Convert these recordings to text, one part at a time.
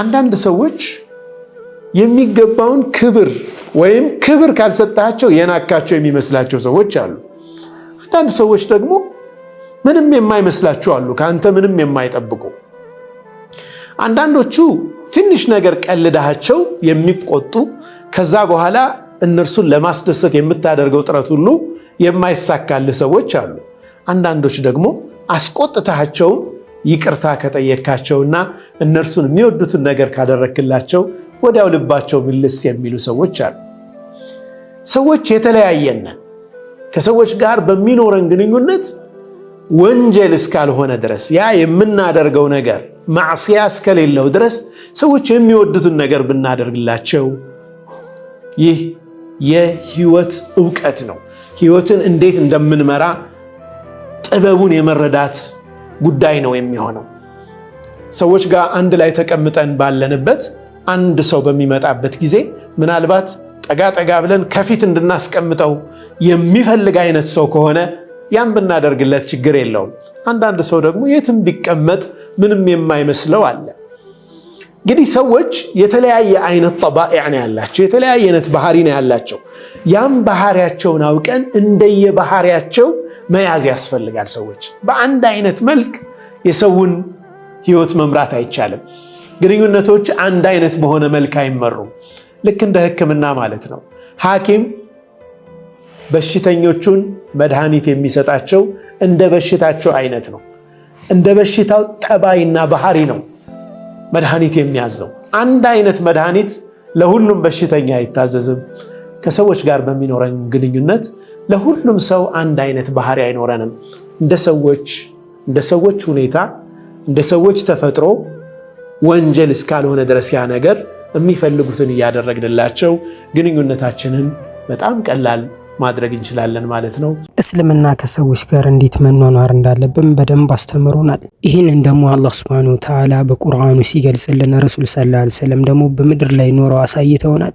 አንዳንድ ሰዎች የሚገባውን ክብር ወይም ክብር ካልሰጣቸው የናካቸው የሚመስላቸው ሰዎች አሉ። አንዳንድ ሰዎች ደግሞ ምንም የማይመስላቸው አሉ፣ ከአንተ ምንም የማይጠብቁ። አንዳንዶቹ ትንሽ ነገር ቀልዳቸው የሚቆጡ ከዛ በኋላ እነርሱን ለማስደሰት የምታደርገው ጥረት ሁሉ የማይሳካልህ ሰዎች አሉ። አንዳንዶች ደግሞ አስቆጥታቸውም ይቅርታ ከጠየካቸውና እነርሱን የሚወዱትን ነገር ካደረክላቸው ወዲያው ልባቸው ምልስ የሚሉ ሰዎች አሉ። ሰዎች የተለያየነ ከሰዎች ጋር በሚኖረን ግንኙነት ወንጀል እስካልሆነ ድረስ ያ የምናደርገው ነገር ማዕስያ እስከሌለው ድረስ ሰዎች የሚወዱትን ነገር ብናደርግላቸው ይህ የህይወት እውቀት ነው። ህይወትን እንዴት እንደምንመራ ጥበቡን የመረዳት ጉዳይ ነው የሚሆነው። ሰዎች ጋር አንድ ላይ ተቀምጠን ባለንበት አንድ ሰው በሚመጣበት ጊዜ ምናልባት ጠጋ ጠጋ ብለን ከፊት እንድናስቀምጠው የሚፈልግ አይነት ሰው ከሆነ ያን ብናደርግለት ችግር የለውም። አንዳንድ ሰው ደግሞ የትም ቢቀመጥ ምንም የማይመስለው አለ። እንግዲህ ሰዎች የተለያየ አይነት ጠባኤዕ ነው ያላቸው፣ የተለያየ አይነት ባህሪ ነው ያላቸው። ያም ባህሪያቸውን አውቀን እንደየባህሪያቸው መያዝ ያስፈልጋል። ሰዎች በአንድ አይነት መልክ የሰውን ህይወት መምራት አይቻልም። ግንኙነቶች አንድ አይነት በሆነ መልክ አይመሩም። ልክ እንደ ህክምና ማለት ነው። ሐኪም በሽተኞቹን መድኃኒት የሚሰጣቸው እንደ በሽታቸው አይነት ነው፣ እንደ በሽታው ጠባይና ባህሪ ነው። መድኃኒት የሚያዘው። አንድ አይነት መድኃኒት ለሁሉም በሽተኛ አይታዘዝም። ከሰዎች ጋር በሚኖረን ግንኙነት ለሁሉም ሰው አንድ አይነት ባህሪ አይኖረንም። እንደ ሰዎች እንደ ሰዎች ሁኔታ እንደ ሰዎች ተፈጥሮ ወንጀል እስካልሆነ ድረስ ያ ነገር የሚፈልጉትን እያደረግንላቸው ግንኙነታችንን በጣም ቀላል ማድረግ እንችላለን ማለት ነው። እስልምና ከሰዎች ጋር እንዴት መኗኗር እንዳለብን በደንብ አስተምሮናል። ይህንን ደግሞ አላህ ሱብሃነሁ ወተዓላ በቁርአኑ ሲገልጽልን ረሱል ሰለላሁ ዐለይሂ ወሰለም ደግሞ በምድር ላይ ኖረው አሳይተውናል።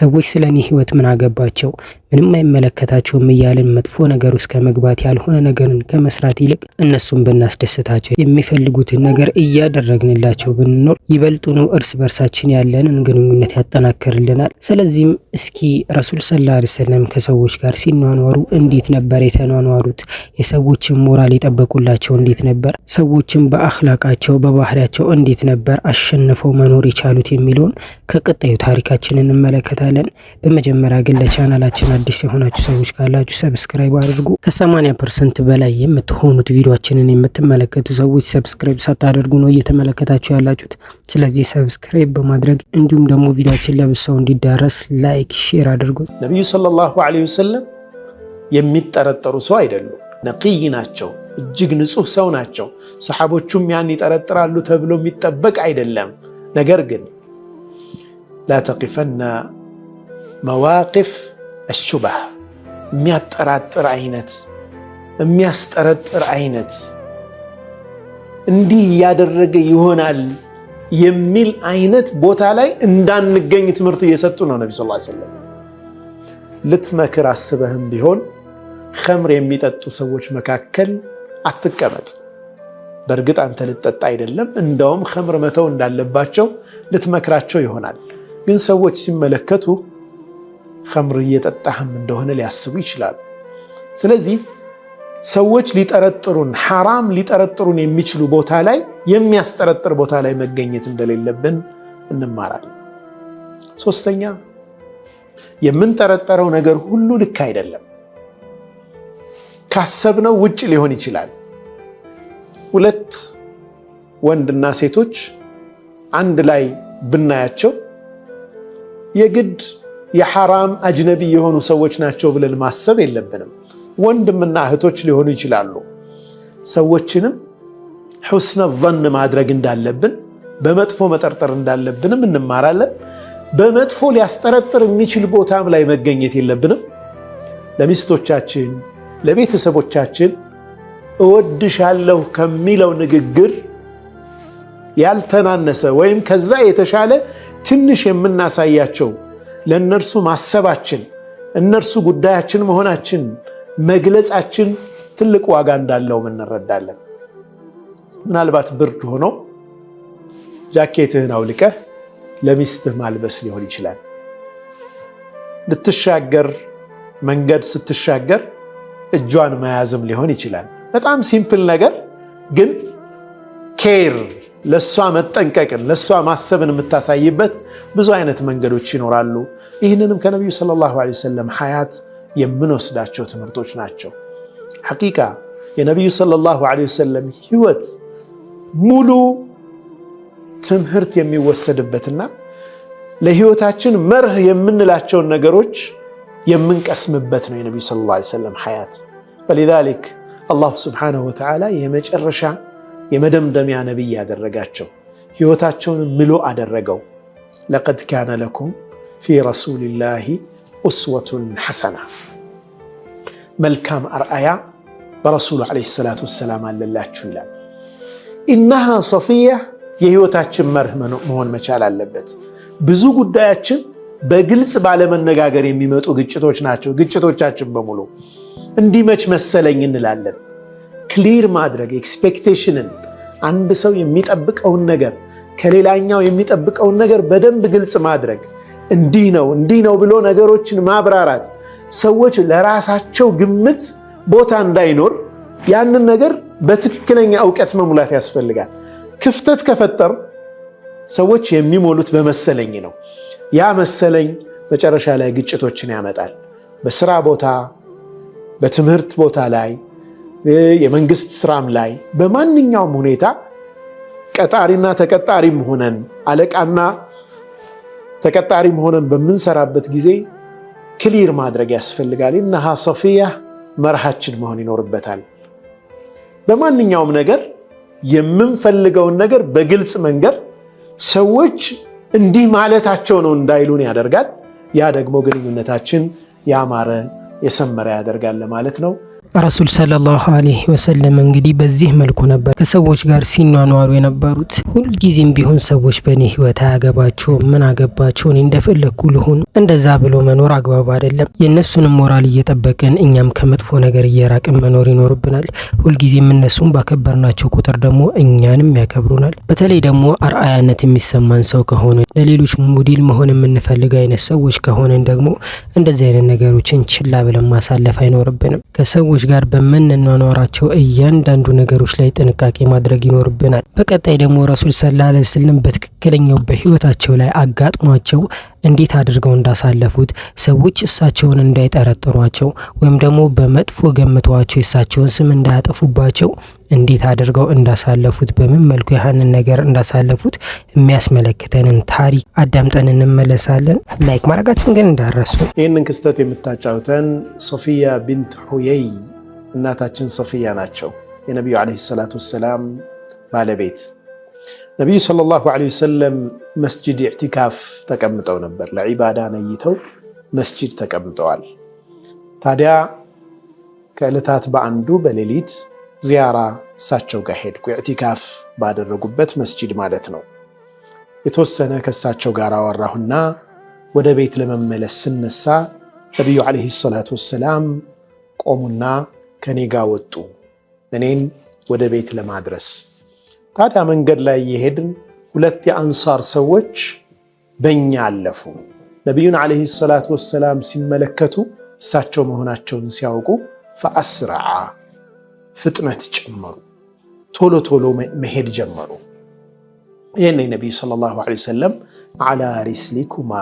ሰዎች ስለ ህይወት ምን አገባቸው ምንም አይመለከታቸውም እያልን መጥፎ ነገር ውስጥ ከመግባት ያልሆነ ነገርን ከመስራት ይልቅ እነሱን ብናስደስታቸው የሚፈልጉትን ነገር እያደረግንላቸው ብንኖር ይበልጡኑ እርስ በርሳችን ያለንን ግንኙነት ያጠናክርልናል። ስለዚህም እስኪ ረሱል ሰለላሁ ዐለይሂ ወሰለም ከሰዎች ጋር ሲኗኗሩ እንዴት ነበር የተኗኗሩት? የሰዎችን ሞራል የጠበቁላቸው እንዴት ነበር? ሰዎችን በአኽላቃቸው በባህሪያቸው እንዴት ነበር አሸንፈው መኖር የቻሉት የሚለውን ከቀጣዩ ታሪካችን እንመለከታለን። በመጀመሪያ ግን ለቻናላችን አዲስ የሆናችሁ ሰዎች ካላችሁ ሰብስክራይብ አድርጉ። ከ80 ፐርሰንት በላይ የምትሆኑት ቪዲዮችንን የምትመለከቱ ሰዎች ሰብስክራይብ ሳታደርጉ ነው እየተመለከታችሁ ያላችሁት። ስለዚህ ሰብስክራይብ በማድረግ እንዲሁም ደግሞ ቪዲዮችን ለብሰው እንዲዳረስ ላይክ፣ ሼር አድርጉት። ነቢዩ ሰለላሁ ዐለይሂ የሚጠረጠሩ ሰው አይደሉም። ነቅይ ናቸው። እጅግ ንጹህ ሰው ናቸው። ሰሓቦቹም ያን ይጠረጥራሉ ተብሎ የሚጠበቅ አይደለም። ነገር ግን ላተቂፈና መዋቅፍ አሹባህ የሚያጠራጥር አይነት የሚያስጠረጥር አይነት እንዲህ እያደረገ ይሆናል የሚል አይነት ቦታ ላይ እንዳንገኝ ትምህርት እየሰጡ ነው ነቢ ስ ለም ልትመክር አስበህም ቢሆን ከምር የሚጠጡ ሰዎች መካከል አትቀመጥ። በእርግጥ አንተ ልጠጣ አይደለም፣ እንደውም ከምር መተው እንዳለባቸው ልትመክራቸው ይሆናል። ግን ሰዎች ሲመለከቱ ከምር እየጠጣህም እንደሆነ ሊያስቡ ይችላሉ። ስለዚህ ሰዎች ሊጠረጥሩን ሐራም ሊጠረጥሩን የሚችሉ ቦታ ላይ የሚያስጠረጥር ቦታ ላይ መገኘት እንደሌለብን እንማራለን። ሶስተኛ የምንጠረጠረው ነገር ሁሉ ልክ አይደለም። ካሰብነው ውጭ ሊሆን ይችላል። ሁለት ወንድና ሴቶች አንድ ላይ ብናያቸው የግድ የሐራም አጅነቢ የሆኑ ሰዎች ናቸው ብለን ማሰብ የለብንም። ወንድምና እህቶች ሊሆኑ ይችላሉ። ሰዎችንም ሑስነ ظን ማድረግ እንዳለብን በመጥፎ መጠርጠር እንዳለብንም እንማራለን። በመጥፎ ሊያስጠረጥር የሚችል ቦታም ላይ መገኘት የለብንም። ለሚስቶቻችን ለቤተሰቦቻችን እወድሻለሁ ከሚለው ንግግር ያልተናነሰ ወይም ከዛ የተሻለ ትንሽ የምናሳያቸው ለእነርሱ ማሰባችን እነርሱ ጉዳያችን መሆናችን መግለጻችን ትልቅ ዋጋ እንዳለውም እንረዳለን። ምናልባት ብርድ ሆኖ ጃኬትህን አውልቀህ ለሚስትህ ማልበስ ሊሆን ይችላል። ልትሻገር መንገድ ስትሻገር እጇን መያዝም ሊሆን ይችላል። በጣም ሲምፕል ነገር ግን ኬር ለእሷ መጠንቀቅን ለእሷ ማሰብን የምታሳይበት ብዙ አይነት መንገዶች ይኖራሉ። ይህንንም ከነቢዩ ሰለላሁ ዐለይሂ ወሰለም ሀያት የምንወስዳቸው ትምህርቶች ናቸው። ሐቂቃ የነቢዩ ሰለላሁ ዐለይሂ ወሰለም ህይወት ሙሉ ትምህርት የሚወሰድበትና ለህይወታችን መርህ የምንላቸውን ነገሮች የምንቀስምበት ነው የነቢዩ ሰለላሁ ዓለይሂ ወሰለም ሐያት። ወሊዛሊክ አላሁ ስብሓነሁ ወተዓላ የመጨረሻ የመደምደሚያ ነቢይ ያደረጋቸው ህይወታቸውን ምሎ አደረገው። ለቀድ ካነ ለኩም ፊ ረሱሊላሂ ኡስወቱን ሐሰና፣ መልካም አርአያ በረሱሉ ዓለይሂ ሰላቱ ወሰላም አለላችሁ ይላል። ኢነሃ ሰፊያ የህይወታችን መርህ መሆን መቻል አለበት። ብዙ ጉዳያችን በግልጽ ባለመነጋገር የሚመጡ ግጭቶች ናቸው። ግጭቶቻችን በሙሉ እንዲመች መሰለኝ እንላለን። ክሊር ማድረግ ኤክስፔክቴሽንን፣ አንድ ሰው የሚጠብቀውን ነገር ከሌላኛው የሚጠብቀውን ነገር በደንብ ግልጽ ማድረግ፣ እንዲህ ነው እንዲህ ነው ብሎ ነገሮችን ማብራራት፣ ሰዎች ለራሳቸው ግምት ቦታ እንዳይኖር ያንን ነገር በትክክለኛ እውቀት መሙላት ያስፈልጋል። ክፍተት ከፈጠር ሰዎች የሚሞሉት በመሰለኝ ነው። ያ መሰለኝ መጨረሻ ላይ ግጭቶችን ያመጣል። በስራ ቦታ፣ በትምህርት ቦታ ላይ፣ የመንግስት ስራም ላይ በማንኛውም ሁኔታ ቀጣሪና ተቀጣሪም ሆነን አለቃና ተቀጣሪም ሆነን በምንሰራበት ጊዜ ክሊር ማድረግ ያስፈልጋል። እነሃ ሶፊያ መርሃችን መሆን ይኖርበታል። በማንኛውም ነገር የምንፈልገውን ነገር በግልጽ መንገድ ሰዎች እንዲህ ማለታቸው ነው እንዳይሉን ያደርጋል። ያ ደግሞ ግንኙነታችን ያማረ የሰመረ ያደርጋል ለማለት ነው። ረሱል ሰለላሁ አለይህ ወሰለም እንግዲህ በዚህ መልኩ ነበር ከሰዎች ጋር ሲኗኗሩ የነበሩት። ሁልጊዜም ቢሆን ሰዎች በእኔ ህይወት አያገባቸውም፣ ምን አገባቸው፣ እኔ እንደፈለግኩ ልሁን፣ እንደዛ ብሎ መኖር አግባብ አይደለም። የእነሱንም ሞራል እየጠበቅን እኛም ከመጥፎ ነገር እየራቅን መኖር ይኖርብናል። ሁልጊዜም እነሱን ባከበርናቸው ቁጥር ደግሞ እኛንም ያከብሩናል። በተለይ ደግሞ አርአያነት የሚሰማን ሰው ከሆነ ለሌሎች ሞዴል መሆን የምንፈልግ አይነት ሰዎች ከሆነን ደግሞ እንደዚህ አይነት ነገሮችን ችላ ብለን ማሳለፍ አይኖርብንም ከሰዎች ሰዎች ጋር በምንኗኗራቸው እያንዳንዱ ነገሮች ላይ ጥንቃቄ ማድረግ ይኖርብናል። በቀጣይ ደግሞ ረሱል ሰለላሁ ዐለይሂ ወሰለም በትክክለኛው በህይወታቸው ላይ አጋጥሟቸው እንዴት አድርገው እንዳሳለፉት ሰዎች እሳቸውን እንዳይጠረጥሯቸው ወይም ደግሞ በመጥፎ ገምተዋቸው የእሳቸውን ስም እንዳያጠፉባቸው እንዴት አድርገው እንዳሳለፉት በምን መልኩ ያህንን ነገር እንዳሳለፉት የሚያስመለክተንን ታሪክ አዳምጠን እንመለሳለን። ላይክ ማድረጋችን ግን እንዳረሱ። ይህንን ክስተት የምታጫውተን ሶፊያ ቢንት ሁየይ እናታችን ሶፊያ ናቸው፣ የነቢዩ ዓለይሂ ሰላቱ ወሰላም ባለቤት ነቢዩ ሰለላሁ ዐለይሂ ወሰለም መስጅድ ኢዕቲካፍ ተቀምጠው ነበር። ለዒባዳ ነይተው መስጅድ ተቀምጠዋል። ታዲያ ከዕለታት በአንዱ በሌሊት ዚያራ እሳቸው ጋር ሄድኩ። ኢዕቲካፍ ባደረጉበት መስጅድ ማለት ነው። የተወሰነ ከእሳቸው ጋር አወራሁና ወደ ቤት ለመመለስ ስነሳ ነቢዩ ዐለይሂ ሰላቱ ወሰላም ቆሙና ከኔ ጋር ወጡ እኔን ወደ ቤት ለማድረስ ታዲያ መንገድ ላይ እየሄድን ሁለት የአንሳር ሰዎች በእኛ አለፉ። ነቢዩን ዓለይሂ ሰላቱ ወሰላም ሲመለከቱ እሳቸው መሆናቸውን ሲያውቁ ፈአስራ ፍጥነት ጨመሩ፣ ቶሎ ቶሎ መሄድ ጀመሩ። ይህን ነቢዩ ሰለላሁ ዓለይሂ ወሰለም ዓላ ሪስሊኩማ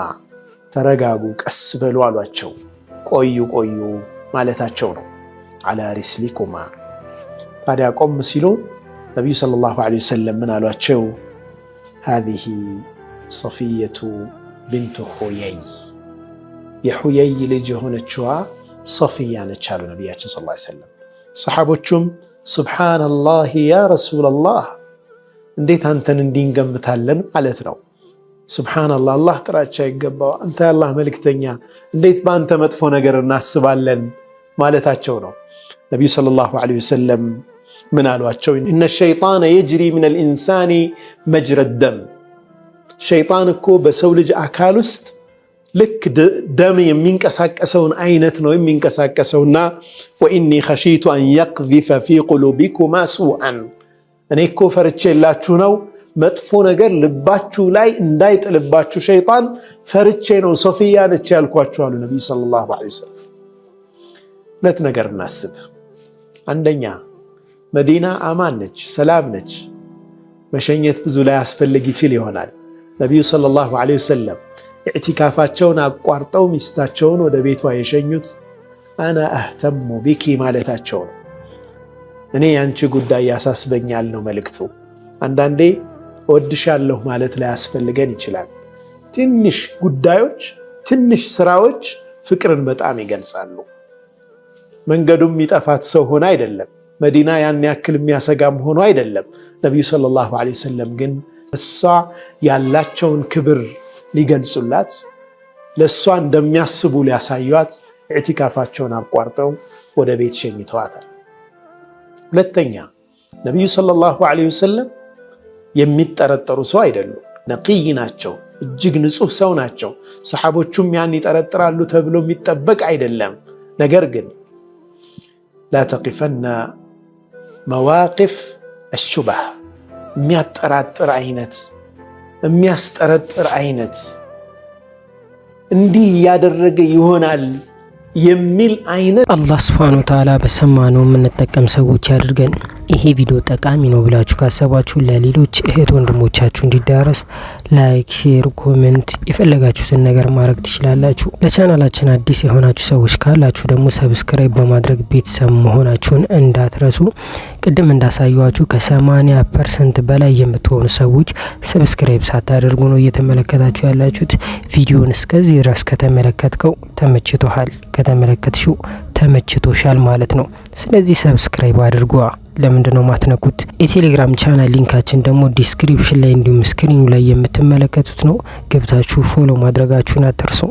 ተረጋጉ፣ ቀስ በሉ አሏቸው። ቆዩ ቆዩ ማለታቸው ነው። ዓላ ሪስሊኩማ ታዲያ ቆም ሲሉ ነቢዩ ሰለላሁ ዐለይሂ ወሰለም ምን አሏቸው? ሀዚህ ሰፊየቱ ብንቱ ሁየይ የሁየይ ልጅ የሆነችዋ ሰፊያ ነች አሉ ነቢያችን ሰለላሁ ዐለይሂ ወሰለም። ሰሓቦቹም ሱብሓነላህ ያ ረሱለላህ እንዴት አንተን እንዲንገምታለን ማለት ነው። ሱብሓነላህ አላህ ጥራቻ ይገባው፣ አንተ የአላህ መልክተኛ እንዴት በአንተ መጥፎ ነገር እናስባለን ማለታቸው ነው። ነቢዩ ሰለላሁ ዐለይሂ ወሰለም ምን አሏቸው? እነ ሸይጣነ የጅሪ ሚነል ኢንሳኒ መጅረድ ደም፣ ሸይጣን እኮ በሰው ልጅ አካል ውስጥ ልክ ደም የሚንቀሳቀሰውን አይነት ነው የሚንቀሳቀሰውና ወኢኒ ኸሺቱ አን የቅዚፈ ፊ ቁሉቢኩማ ሱአን፣ እኔ እኮ ፈርቼላችሁ ነው መጥፎ ነገር ልባችሁ ላይ እንዳይጥልባችሁ ሸይጣን ፈርቼ ነው ሶፊያ ነች ያልኳችሁ አሉ ነቢዩ ሰለላሁ ዐለይሂ ወሰለም። ሁለት ነገር እናስብ። አንደኛ መዲና አማን ነች፣ ሰላም ነች። መሸኘት ብዙ ላይ አስፈልግ ይችል ይሆናል። ነቢዩ ሰለላሁ ዐለይሂ ወሰለም እዕቲካፋቸውን አቋርጠው ሚስታቸውን ወደ ቤቷ የሸኙት አና አህተሙ ቢኪ ማለታቸው ነው። እኔ የአንቺ ጉዳይ ያሳስበኛል ነው መልእክቱ። አንዳንዴ እወድሻለሁ ማለት ላያስፈልገን ይችላል። ትንሽ ጉዳዮች፣ ትንሽ ስራዎች ፍቅርን በጣም ይገልጻሉ። መንገዱም የሚጠፋት ሰው ሆነ አይደለም መዲና ያን ያክል የሚያሰጋም ሆኖ አይደለም። ነቢዩ ሰለላሁ ዐለይሂ ወሰለም ግን እሷ ያላቸውን ክብር ሊገልጹላት ለእሷ እንደሚያስቡ ሊያሳዩት ኢዕቲካፋቸውን አቋርጠው ወደ ቤት ሸኝተዋታል። ሁለተኛ ነቢዩ ሰለላሁ ዐለይሂ ወሰለም የሚጠረጠሩ ሰው አይደሉም። ነቅይ ናቸው። እጅግ ንጹህ ሰው ናቸው። ሰሓቦቹም ያን ይጠረጥራሉ ተብሎ የሚጠበቅ አይደለም። ነገር ግን ላተቂፈና መዋቅፍ አሹባህ የሚያጠራጥር አይነት የሚያስጠረጥር አይነት እንዲህ እያደረገ ይሆናል የሚል አይነት አላህ ስብሐነሁ ወተዓላ በሰማነው የምንጠቀም ሰዎች ያድርገን። ይሄ ቪዲዮ ጠቃሚ ነው ብላችሁ ካሰባችሁ ለሌሎች እህት ወንድሞቻችሁ እንዲዳረስ ላይክ፣ ሼር፣ ኮሜንት የፈለጋችሁትን ነገር ማድረግ ትችላላችሁ። ለቻናላችን አዲስ የሆናችሁ ሰዎች ካላችሁ ደግሞ ሰብስክራይብ በማድረግ ቤተሰብ መሆናችሁን እንዳትረሱ። ቅድም እንዳሳየዋችሁ ከ ፐርሰንት በላይ የምትሆኑ ሰዎች ሰብስክራይብ ሳታደርጉ ነው እየተመለከታችሁ ያላችሁት። ቪዲዮን እስከዚህ ድረስ ከተመለከትከው ተመችቶሃል፣ ከተመለከትሽው ተመችቶሻል ማለት ነው። ስለዚህ ሰብስክራይብ አድርጓ ለምንድን ነው ማትነኩት? የቴሌግራም ቻናል ሊንካችን ደግሞ ዲስክሪፕሽን ላይ እንዲሁም ስክሪኑ ላይ የምትመለከቱት ነው። ገብታችሁ ፎሎ ማድረጋችሁን አትርሱ።